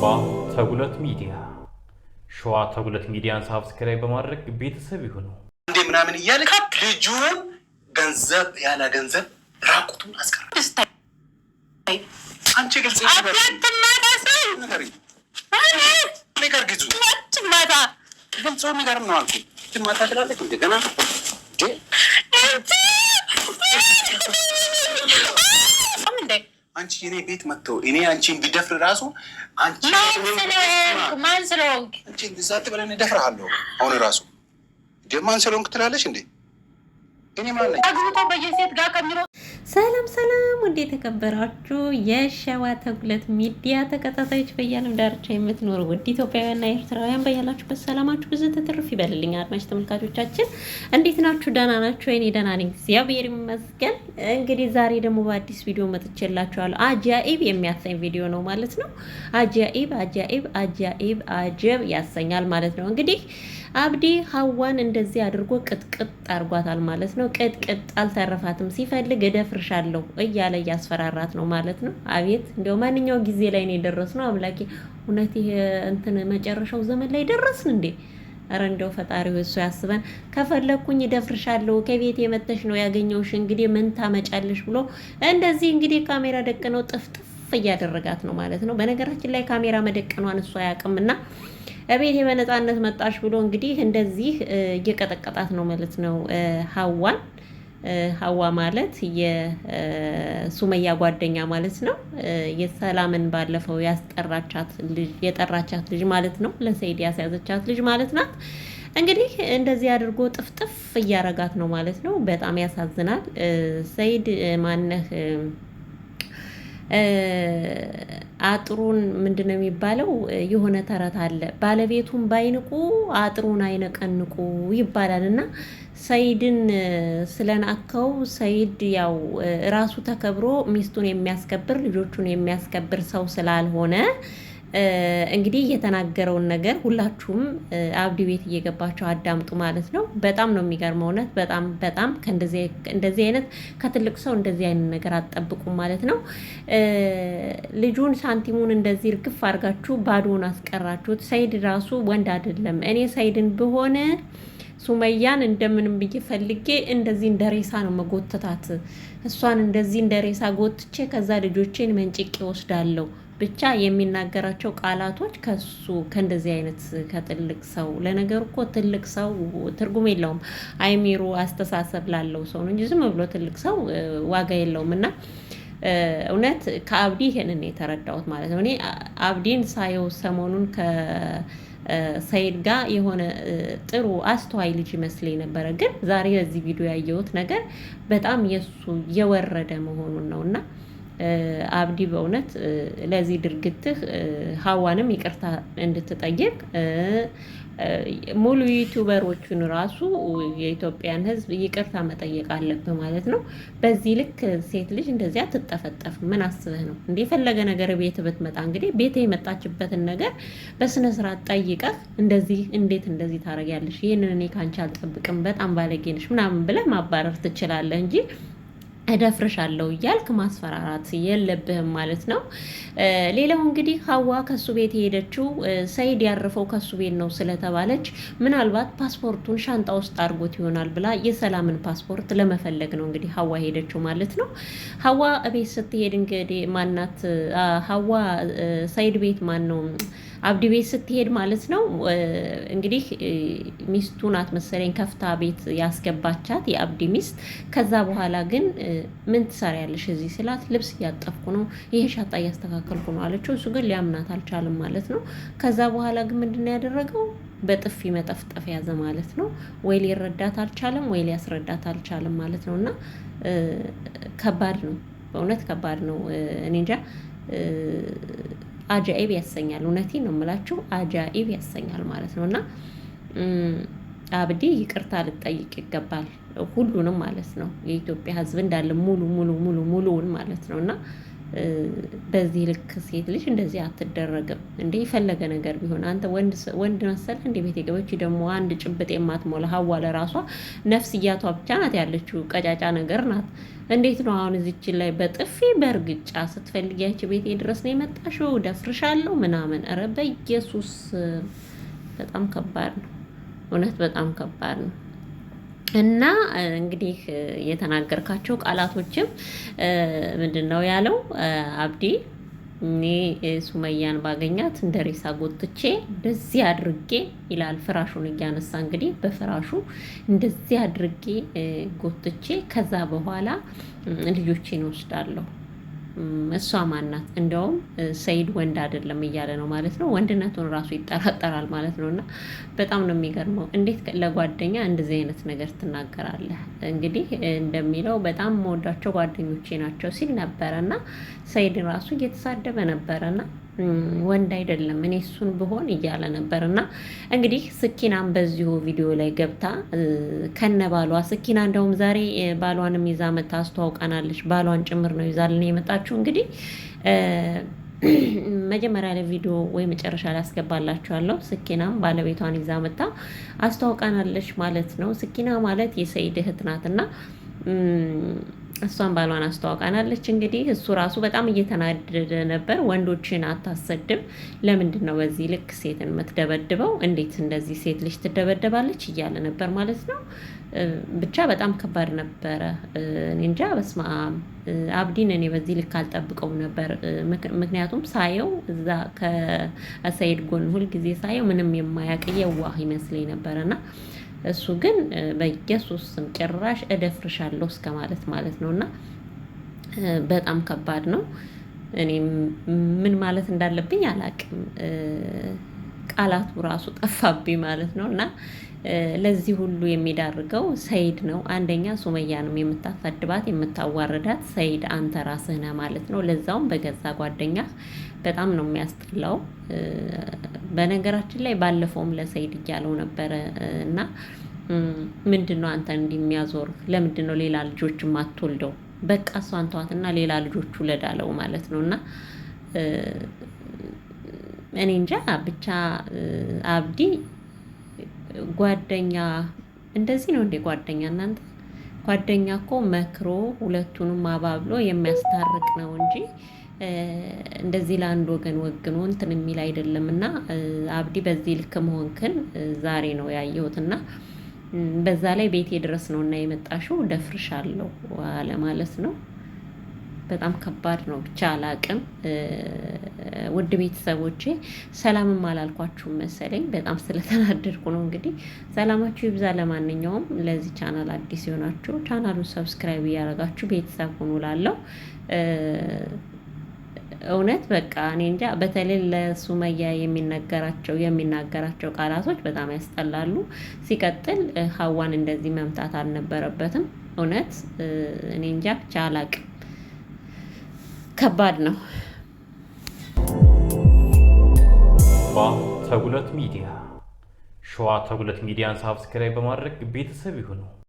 አባ ተጉለት ሚዲያ ሸዋ ተጉለት ሚዲያን ሳብስክራይብ በማድረግ ቤተሰብ ይሁኑ። እንዴ ምናምን እያለ ልጁን ገንዘብ ያለ ገንዘብ ራቁቱን አስቀራ። አንቺ ግልጽ ነገር ግዙ ትማታ ግልጽ ነገር ነው አልኩ። ትማታ ስላለች እንደገና አንቺ የኔ ቤት መጥቶ እኔ አንቺ ቢደፍር ራሱ ማን ስለሆንክ እንደዛ አትበለን፣ እደፍርሃለሁ። አሁን ራሱ ትላለች እንዴ? ሰላም ሰላም፣ ወንድ የተከበራችሁ የሸዋ ተጉለት ሚዲያ ተከታታዮች በየዓለም ዳርቻ የምትኖሩ ውድ ኢትዮጵያውያንና ኤርትራውያን በያላችሁበት ሰላማችሁ ብዙ ትትርፍ ይበልልኝ። አድማጭ ተመልካቾቻችን እንዴት ናችሁ? ደህና ናችሁ? እኔ ደህና ነኝ፣ እግዚአብሔር ይመስገን። እንግዲህ ዛሬ ደግሞ በአዲስ ቪዲዮ መጥቼላችኋለሁ። አጃኢብ የሚያሰኝ ቪዲዮ ነው ማለት ነው። አጃኢብ አጃኢብ አጃኢብ አጀብ ያሰኛል ማለት ነው እንግዲህ አብዲ ሀዋን እንደዚህ አድርጎ ቅጥቅጥ አድርጓታል ማለት ነው። ቅጥቅጥ አልተረፋትም። ሲፈልግ እደፍርሻለሁ እያለ እያስፈራራት ነው ማለት ነው። አቤት እንዲያው ማንኛው ጊዜ ላይ ነው የደረስነው። አምላኬ እውነት ይሄ እንትን መጨረሻው ዘመን ላይ ደረስን እንዴ? ኧረ እንደው ፈጣሪ እሱ ያስበን። ከፈለግኩኝ እደፍርሻለሁ ከቤት የመተሽ ነው ያገኘውሽ፣ እንግዲህ ምን ታመጫለሽ ብሎ እንደዚህ እንግዲህ ካሜራ ነው ጥፍጥፍ እያደረጋት ነው ማለት ነው። በነገራችን ላይ ካሜራ መደቀኗን እሱ አያውቅምና እቤት በነፃነት መጣሽ ብሎ እንግዲህ እንደዚህ እየቀጠቀጣት ነው ማለት ነው ሀዋን። ሀዋ ማለት የሱመያ ጓደኛ ማለት ነው። የሰላምን ባለፈው ያስጠራቻት ልጅ የጠራቻት ልጅ ማለት ነው። ለሰይድ ያስያዘቻት ልጅ ማለት ናት። እንግዲህ እንደዚህ አድርጎ ጥፍጥፍ እያረጋት ነው ማለት ነው። በጣም ያሳዝናል። ሰይድ ማነህ አጥሩን ምንድን ነው የሚባለው? የሆነ ተረት አለ። ባለቤቱን ባይንቁ አጥሩን አይነቀንቁ ይባላል እና ሰይድን ስለናከው ሰይድ ያው ራሱ ተከብሮ ሚስቱን የሚያስከብር ልጆቹን የሚያስከብር ሰው ስላልሆነ እንግዲህ የተናገረውን ነገር ሁላችሁም አብዲ ቤት እየገባችሁ አዳምጡ ማለት ነው። በጣም ነው የሚገርመው እውነት በጣም በጣም እንደዚህ አይነት ከትልቅ ሰው እንደዚህ አይነት ነገር አትጠብቁም ማለት ነው። ልጁን ሳንቲሙን እንደዚህ እርግፍ አድርጋችሁ ባዶውን አስቀራችሁት። ሰይድ ራሱ ወንድ አይደለም። እኔ ሰይድን በሆነ ሱመያን እንደምንም ብዬ ፈልጌ እንደዚህ እንደ ሬሳ ነው መጎተታት። እሷን እንደዚህ እንደ ሬሳ ጎትቼ ከዛ ልጆቼን መንጭቄ ወስዳለሁ። ብቻ የሚናገራቸው ቃላቶች ከሱ ከእንደዚህ አይነት ከትልቅ ሰው ለነገሩ እኮ ትልቅ ሰው ትርጉም የለውም። አይሚሩ አስተሳሰብ ላለው ሰው ነው እንጂ ዝም ብሎ ትልቅ ሰው ዋጋ የለውም እና እውነት ከአብዲ ይሄንን የተረዳሁት ማለት ነው። እኔ አብዲን ሳየው ሰሞኑን ከሰይድ ጋር የሆነ ጥሩ አስተዋይ ልጅ ይመስለኝ ነበረ፣ ግን ዛሬ በዚህ ቪዲዮ ያየሁት ነገር በጣም የእሱ የወረደ መሆኑን ነው እና አብዲ በእውነት ለዚህ ድርግትህ ሀዋንም ይቅርታ እንድትጠይቅ ሙሉ ዩቱበሮቹን ራሱ የኢትዮጵያን ሕዝብ ይቅርታ መጠየቅ አለብህ ማለት ነው። በዚህ ልክ ሴት ልጅ እንደዚያ ትጠፈጠፍ ምን አስበህ ነው እንደ የፈለገ ነገር ቤት ብትመጣ እንግዲህ ቤት የመጣችበትን ነገር በስነስርዓት ጠይቀ ጠይቀህ እንደዚህ እንዴት እንደዚህ ታደርጊያለሽ? ይህንን እኔ ካንቺ አልጠብቅም፣ በጣም ባለጌ ነሽ ምናምን ብለህ ማባረር ትችላለህ እንጂ እደፍርሻለሁ እያልክ ማስፈራራት የለብህም ማለት ነው። ሌላው እንግዲህ ሀዋ ከሱ ቤት የሄደችው ሰይድ ያረፈው ከሱ ቤት ነው ስለተባለች ምናልባት ፓስፖርቱን ሻንጣ ውስጥ አድርጎት ይሆናል ብላ የሰላምን ፓስፖርት ለመፈለግ ነው እንግዲህ ሀዋ ሄደችው ማለት ነው። ሀዋ ቤት ስትሄድ እንግዲህ ማናት ሀዋ ሰይድ ቤት ማን ነው አብዲ ቤት ስትሄድ ማለት ነው እንግዲህ ሚስቱ ናት መሰለኝ ከፍታ ቤት ያስገባቻት የአብዲ ሚስት። ከዛ በኋላ ግን ምን ትሰሪያለሽ እዚህ ስላት ልብስ እያጠፍኩ ነው፣ ይሄ ሻጣ እያስተካከልኩ ነው አለችው። እሱ ግን ሊያምናት አልቻልም ማለት ነው። ከዛ በኋላ ግን ምንድን ነው ያደረገው? በጥፊ መጠፍጠፍ ያዘ ማለት ነው። ወይ ሊረዳት አልቻለም፣ ወይ ሊያስረዳት አልቻለም ማለት ነው። እና ከባድ ነው፣ በእውነት ከባድ ነው። እኔ እንጃ አጃኢብ ያሰኛል። እውነቴን ነው የምላችሁ፣ አጃኢብ ያሰኛል ማለት ነው እና አብዴ ይቅርታ ልጠይቅ ይገባል። ሁሉንም ማለት ነው የኢትዮጵያ ሕዝብ እንዳለ ሙሉ ሙሉ ሙሉ ሙሉውን ማለት ነው እና በዚህ ልክ ሴት ልጅ እንደዚህ አትደረግም እንደ የፈለገ ነገር ቢሆን አንተ ወንድ መሰለህ እንደ ቤት የገበች ደግሞ አንድ ጭብጥ የማትሞላ ሀዋ ለራሷ እያቷ ብቻ ናት ያለችው፣ ቀጫጫ ነገር ናት። እንዴት ነው አሁን እዚችን ላይ በጥፊ በእርግጫ ስትፈልጊ ቤቴ ድረስ ነው የመጣሽው፣ ደፍርሻለሁ ምናምን። ኧረ በኢየሱስ በጣም ከባድ ነው። እውነት በጣም ከባድ ነው። እና እንግዲህ የተናገርካቸው ቃላቶችም ምንድን ነው ያለው አብዲ? እኔ ሱመያን ባገኛት እንደ ሬሳ ጎትቼ እንደዚህ አድርጌ ይላል። ፍራሹን እያነሳ እንግዲህ በፍራሹ እንደዚህ አድርጌ ጎትቼ ከዛ በኋላ ልጆቼን ወስዳለሁ እሷ ማናት? እንደውም ሰይድ ወንድ አይደለም እያለ ነው ማለት ነው። ወንድነቱን ራሱ ይጠራጠራል ማለት ነው። እና በጣም ነው የሚገርመው። እንዴት ለጓደኛ እንደዚህ አይነት ነገር ትናገራለህ? እንግዲህ እንደሚለው በጣም መወዳቸው ጓደኞቼ ናቸው ሲል ነበረ እና ሰይድ ራሱ እየተሳደበ ነበረ እና ወንድ አይደለም እኔ እሱን ብሆን እያለ ነበር። እና እንግዲህ ስኪናን በዚሁ ቪዲዮ ላይ ገብታ ከነ ባሏ ስኪና እንደውም ዛሬ ባሏንም ይዛ መታ አስተዋውቃናለች። ባሏን ጭምር ነው ይዛልን የመጣችሁ እንግዲህ መጀመሪያ ላይ ቪዲዮ ወይ መጨረሻ ላይ አስገባላችኋለሁ። ስኪናም ባለቤቷን ይዛ መታ አስተዋውቃናለች ማለት ነው። ስኪና ማለት የሰይድ እህት ናት እና እሷን ባሏን አስተዋውቃናለች። እንግዲህ እሱ ራሱ በጣም እየተናደደ ነበር። ወንዶችን አታሰድም ለምንድን ነው በዚህ ልክ ሴትን የምትደበድበው? እንዴት እንደዚህ ሴት ልጅ ትደበደባለች? እያለ ነበር ማለት ነው። ብቻ በጣም ከባድ ነበረ። እንጃ በስማ አብዲን እኔ በዚህ ልክ አልጠብቀው ነበር። ምክንያቱም ሳየው እዛ ከሰይድ ጎን ሁልጊዜ ሳየው ምንም የማያውቅ የዋህ ይመስለኝ ነበረና እሱ ግን ስም ጭራሽ እደፍርሻለሁ እስከ ማለት ማለት ነው እና በጣም ከባድ ነው። እኔ ምን ማለት እንዳለብኝ አላቅም። ቃላቱ ራሱ ጠፋብኝ ማለት ነው እና ለዚህ ሁሉ የሚዳርገው ሰይድ ነው። አንደኛ ሱመያንም የምታሳድባት የምታዋርዳት ሰይድ አንተ ራስህ ነህ ማለት ነው። ለዛውም በገዛ ጓደኛ በጣም ነው የሚያስጠላው። በነገራችን ላይ ባለፈውም ለሰይድ እያለው ነበረ እና ምንድን ነው አንተ እንዲህ የሚያዞርህ? ለምንድን ነው ሌላ ልጆች የማትወልደው? በቃ እሷን ተዋትና ሌላ ልጆች ውለድ አለው ማለት ነው እና እኔ እንጃ ብቻ አብዲ ጓደኛ እንደዚህ ነው እንዴ ጓደኛ? እናንተ ጓደኛ እኮ መክሮ ሁለቱንም አባብሎ የሚያስታርቅ ነው እንጂ እንደዚህ ለአንድ ወገን ወግኖ እንትን የሚል አይደለም እና አብዲ በዚህ ልክ መሆንክን ዛሬ ነው ያየሁት እና በዛ ላይ ቤቴ ድረስ ነው እና የመጣሽው ደፍርሻለሁ አለ ማለት ነው። በጣም ከባድ ነው። ብቻ አላቅም። ውድ ቤተሰቦቼ ሰላምም አላልኳችሁም መሰለኝ፣ በጣም ስለተናደድኩ ነው። እንግዲህ ሰላማችሁ ይብዛ። ለማንኛውም ለዚህ ቻናል አዲስ የሆናችሁ ቻናሉን ሰብስክራይብ እያደረጋችሁ ቤተሰብ ሁኑ ላለው እውነት በቃ እኔ እንጃ። በተለይ ለሱመያ የሚነገራቸው የሚናገራቸው ቃላቶች በጣም ያስጠላሉ። ሲቀጥል ሀዋን እንደዚህ መምታት አልነበረበትም። እውነት እኔ እንጃ ብቻ አላቅም። ከባድ ነው። ተጉለት ሚዲያ ሸዋ ተጉለት ሚዲያን ሳብስክራይብ በማድረግ ቤተሰብ ይሁነው።